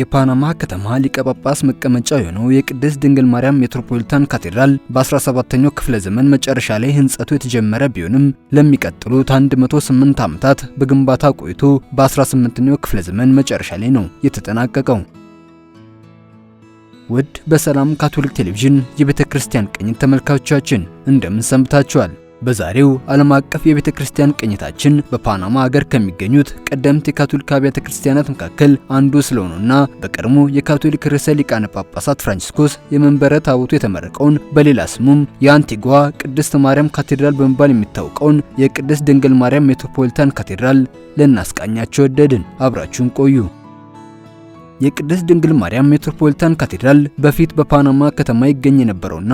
የፓናማ ከተማ ሊቀ ጳጳስ መቀመጫ የሆነው የቅድስት ድንግል ማርያም ሜትሮፖሊታን ካቴድራል በ17ኛው ክፍለ ዘመን መጨረሻ ላይ ህንጸቱ የተጀመረ ቢሆንም ለሚቀጥሉት 108 ዓመታት በግንባታ ቆይቶ በ18ኛው ክፍለ ዘመን መጨረሻ ላይ ነው የተጠናቀቀው። ውድ በሰላም ካቶሊክ ቴሌቪዥን የቤተ ክርስቲያን ቅኝት ተመልካቾቻችን እንደምን ሰንብታችኋል? በዛሬው ዓለም አቀፍ የቤተ ክርስቲያን ቅኝታችን በፓናማ ሀገር ከሚገኙት ቀደምት የካቶሊክ አብያተ ክርስቲያናት መካከል አንዱ ስለሆነውና በቀድሞ የካቶሊክ ርዕሰ ሊቃነ ጳጳሳት ፍራንቺስኮስ የመንበረ ታቦቱ የተመረቀውን በሌላ ስሙም የአንቲጓ ቅድስት ማርያም ካቴድራል በመባል የሚታወቀውን የቅድስት ድንግል ማርያም ሜትሮፖሊታን ካቴድራል ልናስቃኛቸው ወደድን። አብራችሁን ቆዩ። የቅድስት ድንግል ማርያም ሜትሮፖሊታን ካቴድራል በፊት በፓናማ ከተማ ይገኝ የነበረውና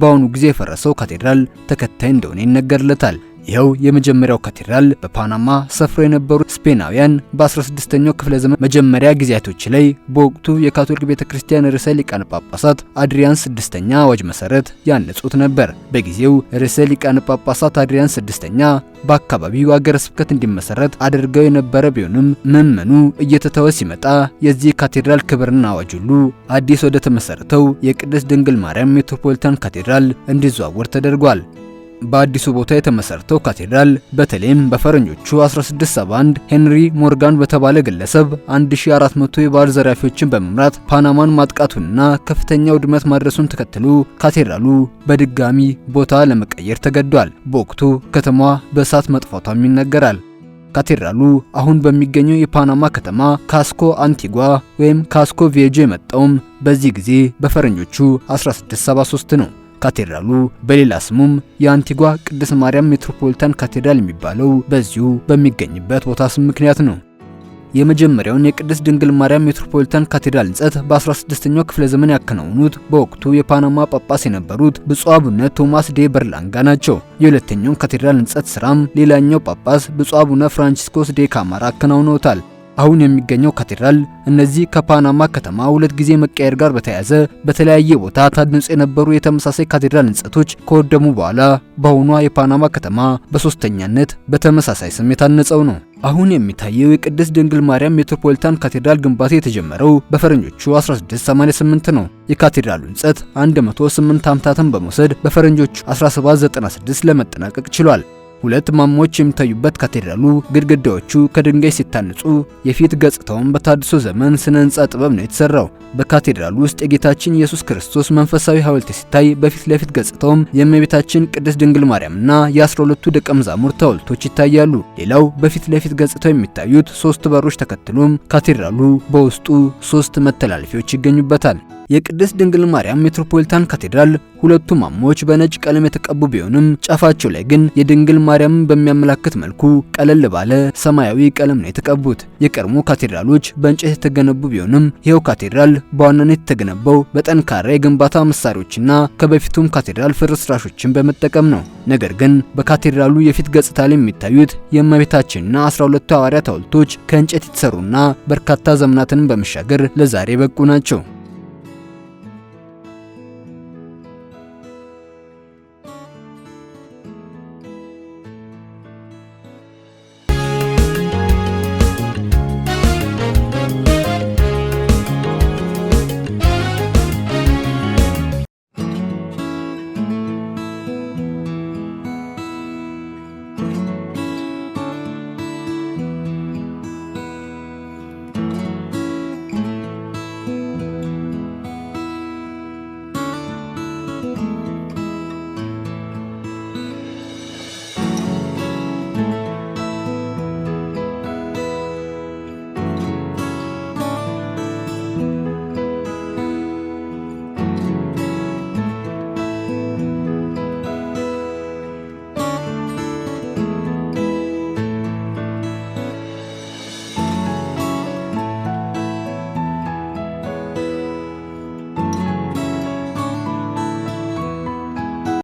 በአሁኑ ጊዜ የፈረሰው ካቴድራል ተከታይ እንደሆነ ይነገርለታል። ይኸው የመጀመሪያው ካቴድራል በፓናማ ሰፍረው የነበሩ ስፔናውያን በ16ኛው ክፍለ ዘመን መጀመሪያ ጊዜያቶች ላይ በወቅቱ የካቶሊክ ቤተ ክርስቲያን ርዕሰ ሊቃነ ጳጳሳት አድሪያን ስድስተኛ አዋጅ መሰረት ያነጹት ነበር። በጊዜው ርዕሰ ሊቃነ ጳጳሳት አድሪያን ስድስተኛ በአካባቢው አገረ ስብከት እንዲመሰረት አድርገው የነበረ ቢሆንም ምዕመኑ እየተተወ ሲመጣ የዚህ ካቴድራል ክብርና አዋጅ ሁሉ አዲስ ወደ ተመሰረተው የቅድስት ድንግል ማርያም ሜትሮፖሊታን ካቴድራል እንዲዘዋወር ተደርጓል። በአዲሱ ቦታ የተመሰረተው ካቴድራል በተለይም በፈረንጆቹ 1671 ሄንሪ ሞርጋን በተባለ ግለሰብ 1400 የባህር ዘራፊዎችን በመምራት ፓናማን ማጥቃቱንና ከፍተኛ ውድመት ማድረሱን ተከትሎ ካቴድራሉ በድጋሚ ቦታ ለመቀየር ተገዷል። በወቅቱ ከተማዋ በእሳት መጥፋቷም ይነገራል። ካቴድራሉ አሁን በሚገኘው የፓናማ ከተማ ካስኮ አንቲጓ ወይም ካስኮ ቪዬጆ የመጣውም በዚህ ጊዜ በፈረንጆቹ 1673 ነው። ካቴድራሉ በሌላ ስሙም የአንቲጓ ቅድስት ማርያም ሜትሮፖሊታን ካቴድራል የሚባለው በዚሁ በሚገኝበት ቦታ ስም ምክንያት ነው። የመጀመሪያውን የቅድስት ድንግል ማርያም ሜትሮፖሊታን ካቴድራል ሕንጸት በ16ኛው ክፍለ ዘመን ያከናውኑት በወቅቱ የፓናማ ጳጳስ የነበሩት ብፁዕ አቡነ ቶማስ ዴ በርላንጋ ናቸው። የሁለተኛውን ካቴድራል ሕንጸት ስራም ሌላኛው ጳጳስ ብፁዕ አቡነ ፍራንቺስኮስ ዴ ካማራ አከናውነውታል። አሁን የሚገኘው ካቴድራል እነዚህ ከፓናማ ከተማ ሁለት ጊዜ መቀየር ጋር በተያያዘ በተለያየ ቦታ ታድንጽ የነበሩ የተመሳሳይ ካቴድራል ህንጻቶች ከወደሙ በኋላ በአሁኗ የፓናማ ከተማ በሶስተኛነት በተመሳሳይ ስም የታነጸው ነው። አሁን የሚታየው የቅድስት ድንግል ማርያም ሜትሮፖሊታን ካቴድራል ግንባታ የተጀመረው በፈረንጆቹ 1688 ነው። የካቴድራሉ ህንጸት 108 ዓመታትን በመውሰድ በፈረንጆቹ 1796 ለመጠናቀቅ ችሏል። ሁለት ማማዎች የሚታዩበት ካቴድራሉ ግድግዳዎቹ ከድንጋይ ሲታንጹ የፊት ገጽታውን በታድሶ ዘመን ስነ ህንጻ ጥበብ ነው የተሰራው። በካቴድራሉ ውስጥ የጌታችን ኢየሱስ ክርስቶስ መንፈሳዊ ሐውልት ሲታይ በፊት ለፊት ገጽታውም የእመቤታችን ቅድስት ድንግል ማርያምና የ12ቱ ደቀ መዛሙርት ሐውልቶች ይታያሉ። ሌላው በፊት ለፊት ገጽታው የሚታዩት ሶስት በሮች ተከትሎም ካቴድራሉ በውስጡ ሶስት መተላለፊያዎች ይገኙበታል። የቅድስት ድንግል ማርያም ሜትሮፖሊታን ካቴድራል ሁለቱ ማማዎች በነጭ ቀለም የተቀቡ ቢሆንም ጫፋቸው ላይ ግን የድንግል ማርያምን በሚያመላክት መልኩ ቀለል ባለ ሰማያዊ ቀለም ነው የተቀቡት። የቀድሞ ካቴድራሎች በእንጨት የተገነቡ ቢሆንም ይኸው ካቴድራል በዋናነት የተገነባው በጠንካራ የግንባታ መሳሪያዎችና ከበፊቱም ካቴድራል ፍርስራሾችን በመጠቀም ነው። ነገር ግን በካቴድራሉ የፊት ገጽታ ላይ የሚታዩት የእመቤታችንና 12ቱ ሐዋርያት ሐውልቶች ከእንጨት የተሰሩና በርካታ ዘመናትን በመሻገር ለዛሬ በቁ ናቸው።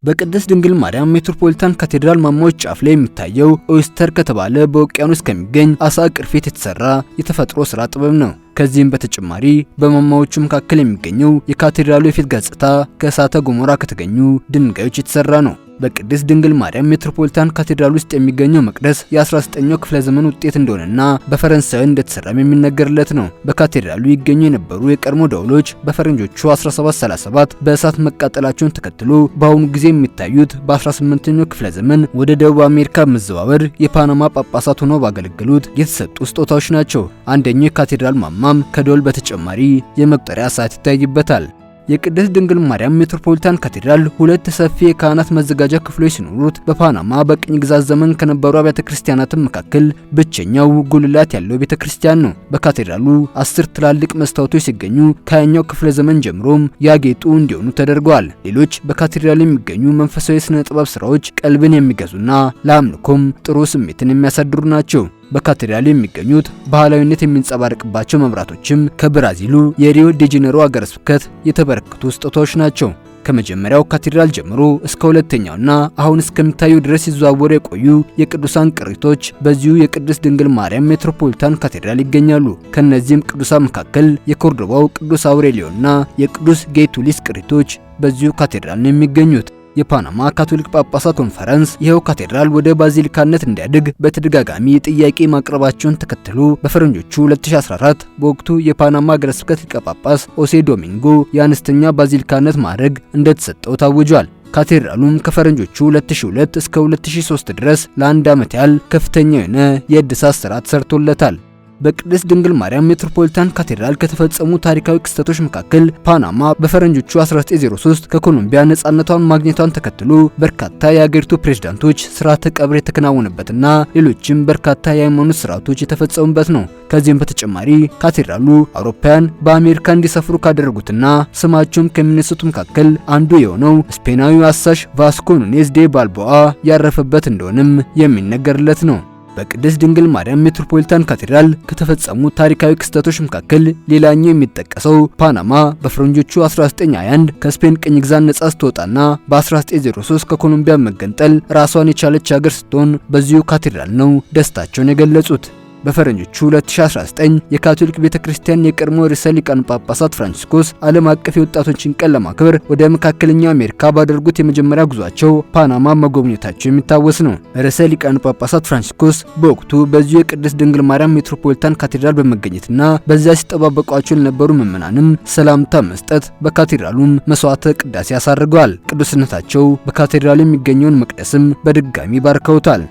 በቅድስት ድንግል ማርያም ሜትሮፖሊታን ካቴድራል ማማዎች ጫፍ ላይ የሚታየው ኦይስተር ከተባለ በውቅያኖስ ከሚገኝ አሳ ቅርፊት የተሰራ የተፈጥሮ ስራ ጥበብ ነው። ከዚህም በተጨማሪ በማማዎቹ መካከል የሚገኘው የካቴድራሉ የፊት ገጽታ ከእሳተ ገሞራ ከተገኙ ድንጋዮች የተሰራ ነው። በቅድስት ድንግል ማርያም ሜትሮፖሊታን ካቴድራል ውስጥ የሚገኘው መቅደስ የ19ኛው ክፍለ ዘመን ውጤት እንደሆነና በፈረንሳይ እንደተሰራም የሚነገርለት ነው። በካቴድራሉ ይገኙ የነበሩ የቀድሞ ደውሎች በፈረንጆቹ 1737 በእሳት መቃጠላቸውን ተከትሎ በአሁኑ ጊዜ የሚታዩት በ18ኛው ክፍለ ዘመን ወደ ደቡብ አሜሪካ መዘዋወር የፓናማ ጳጳሳት ሆነው ባገለገሉት የተሰጡ ስጦታዎች ናቸው። አንደኛው የካቴድራል ማማም ከደወል በተጨማሪ የመቁጠሪያ ሰዓት ይታይበታል። የቅድስት ድንግል ማርያም ሜትሮፖሊታን ካቴድራል ሁለት ሰፊ የካህናት መዘጋጃ ክፍሎች ሲኖሩት በፓናማ በቅኝ ግዛት ዘመን ከነበሩ አብያተ ክርስቲያናትም መካከል ብቸኛው ጉልላት ያለው ቤተ ክርስቲያን ነው። በካቴድራሉ አስር ትላልቅ መስታወቶች ሲገኙ ከያኛው ክፍለ ዘመን ጀምሮም ያጌጡ እንዲሆኑ ተደርገዋል። ሌሎች በካቴድራል የሚገኙ መንፈሳዊ ስነ ጥበብ ስራዎች ቀልብን የሚገዙና ለአምልኮም ጥሩ ስሜትን የሚያሳድሩ ናቸው። በካቴድራል የሚገኙት ባህላዊነት የሚንጸባረቅባቸው መብራቶችም ከብራዚሉ የሪዮ ዴ ጄኔሮ ስብከት የተበረከቱ ስጦታዎች ናቸው። ከመጀመሪያው ካቴድራል ጀምሮ እስከ ሁለተኛውና አሁን እስከሚታዩ ድረስ ሲዘዋወሩ የቆዩ የቅዱሳን ቅሪቶች በዚሁ የቅድስት ድንግል ማርያም ሜትሮፖሊታን ካቴድራል ይገኛሉ። ከእነዚህም ቅዱሳን መካከል የኮርዶባው ቅዱስ አውሬሊዮና የቅዱስ ጌቱሊስ ቅሪቶች በዚሁ ካቴድራል ነው የሚገኙት። የፓናማ ካቶሊክ ጳጳሳት ኮንፈረንስ ይኸው ካቴድራል ወደ ባዚሊካነት እንዲያድግ በተደጋጋሚ ጥያቄ ማቅረባቸውን ተከትሎ በፈረንጆቹ 2014 በወቅቱ የፓናማ ሀገረ ስብከት ሊቀ ጳጳስ ኦሴ ዶሚንጎ የአነስተኛ ባዚሊካነት ማድረግ እንደተሰጠው ታውጇል። ካቴድራሉም ከፈረንጆቹ 2002 እስከ 2003 ድረስ ለአንድ ዓመት ያህል ከፍተኛ የሆነ የእድሳት ስራ ተሰርቶለታል። በቅድስት ድንግል ማርያም ሜትሮፖሊታን ካቴድራል ከተፈጸሙ ታሪካዊ ክስተቶች መካከል ፓናማ በፈረንጆቹ 1903 ከኮሎምቢያ ነጻነቷን ማግኘቷን ተከትሎ በርካታ የአገሪቱ ፕሬዝዳንቶች ስርዓተ ቀብር የተከናወነበትና ሌሎችም በርካታ የሃይማኖት ስርዓቶች የተፈጸሙበት ነው። ከዚህም በተጨማሪ ካቴድራሉ አውሮፓውያን በአሜሪካ እንዲሰፍሩ ካደረጉትና ስማቸውም ከሚነሱት መካከል አንዱ የሆነው ስፔናዊ አሳሽ ቫስኮ ኑኔዝ ዴ ባልቦአ ያረፈበት እንደሆነም የሚነገርለት ነው። በቅድስት ድንግል ማርያም ሜትሮፖሊታን ካቴድራል ከተፈጸሙ ታሪካዊ ክስተቶች መካከል ሌላኛው የሚጠቀሰው ፓናማ በፈረንጆቹ 1921 ከስፔን ቅኝ ግዛት ነጻ ስትወጣና በ1903 ከኮሎምቢያ መገንጠል ራሷን የቻለች ሀገር ስትሆን በዚሁ ካቴድራል ነው ደስታቸውን የገለጹት። በፈረንጆቹ 2019 የካቶሊክ ቤተክርስቲያን የቀድሞ ርዕሰ ሊቃነ ጳጳሳት ፍራንቺስኮስ ዓለም አቀፍ የወጣቶችን ቀን ለማክበር ወደ መካከለኛው አሜሪካ ባደረጉት የመጀመሪያ ጉዟቸው ፓናማ መጎብኘታቸው የሚታወስ ነው። ርዕሰ ሊቃነ ጳጳሳት ፍራንቺስኮስ በወቅቱ በዚሁ የቅድስት ድንግል ማርያም ሜትሮፖሊታን ካቴድራል በመገኘትና በዚያ ሲጠባበቋቸው ለነበሩ ምዕመናንም ሰላምታ መስጠት በካቴድራሉም መስዋዕተ ቅዳሴ አሳርገዋል። ቅዱስነታቸው በካቴድራሉ የሚገኘውን መቅደስም በድጋሚ ባርከውታል።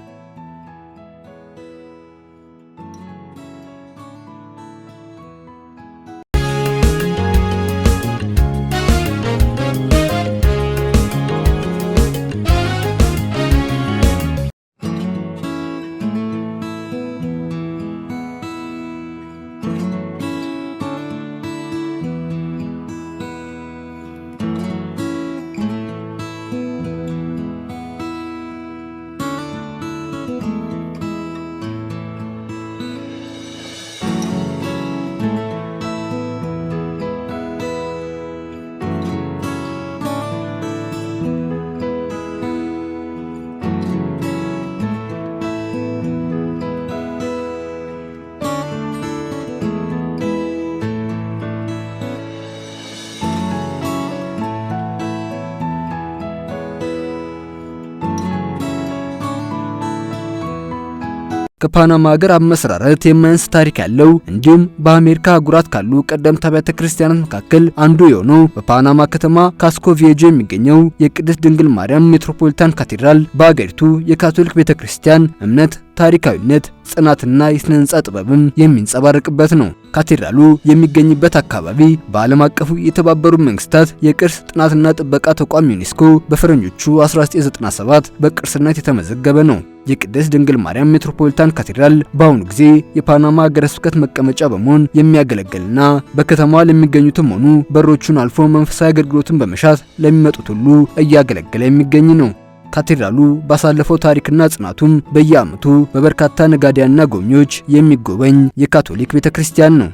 ከፓናማ ሀገር አመሰራረት የማያንስ ታሪክ ያለው እንዲሁም በአሜሪካ አህጉራት ካሉ ቀደምት አብያተ ክርስቲያናት መካከል አንዱ የሆነው በፓናማ ከተማ ካስኮ የሚገኘው የቅድስት ድንግል ማርያም ሜትሮፖሊታን ካቴድራል በአገሪቱ የካቶሊክ ቤተክርስቲያን እምነት ታሪካዊነት ጽናትና የስነ ህንጻ ጥበብም የሚንጸባረቅበት ነው። ካቴድራሉ የሚገኝበት አካባቢ በዓለም አቀፉ የተባበሩት መንግስታት የቅርስ ጥናትና ጥበቃ ተቋም ዩኔስኮ በፈረንጆቹ 1997 በቅርስነት የተመዘገበ ነው። የቅድስት ድንግል ማርያም ሜትሮፖሊታን ካቴድራል በአሁኑ ጊዜ የፓናማ ሀገረ ስብከት መቀመጫ በመሆን የሚያገለግልና በከተማዋ ለሚገኙትም ሆኑ በሮቹን አልፎ መንፈሳዊ አገልግሎትን በመሻት ለሚመጡት ሁሉ እያገለገለ የሚገኝ ነው። ካቴድራሉ ባሳለፈው ታሪክና ጽናቱም በየዓመቱ በበርካታ ነጋዴያንና ጎብኚዎች የሚጎበኝ የካቶሊክ ቤተክርስቲያን ነው።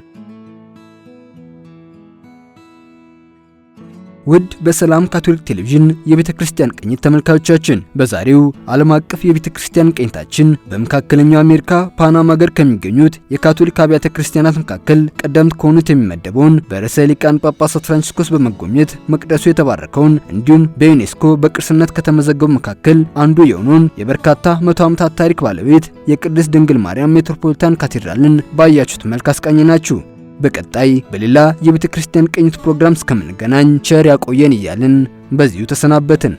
ውድ በሰላም ካቶሊክ ቴሌቪዥን የቤተ ክርስቲያን ቅኝት ተመልካቾቻችን በዛሬው ዓለም አቀፍ የቤተ ክርስቲያን ቅኝታችን በመካከለኛው አሜሪካ ፓናማ ሀገር ከሚገኙት የካቶሊክ አብያተ ክርስቲያናት መካከል ቀደምት ከሆኑት የሚመደበውን በርዕሰ ጳጳስ ጳጳሳት ፍራንሲስኮስ በመጎብኘት መቅደሱ የተባረከውን እንዲሁም በዩኔስኮ በቅርስነት ከተመዘገቡ መካከል አንዱ የሆነውን የበርካታ መቶ ዓመታት ታሪክ ባለቤት የቅድስት ድንግል ማርያም ሜትሮፖሊታን ካቴድራልን ባያችሁት መልክ አስቃኝ ናችሁ። በቀጣይ በሌላ የቤተ ክርስቲያን ቅኝት ፕሮግራም እስከምንገናኝ ቸር ያቆየን እያልን በዚሁ ተሰናበትን።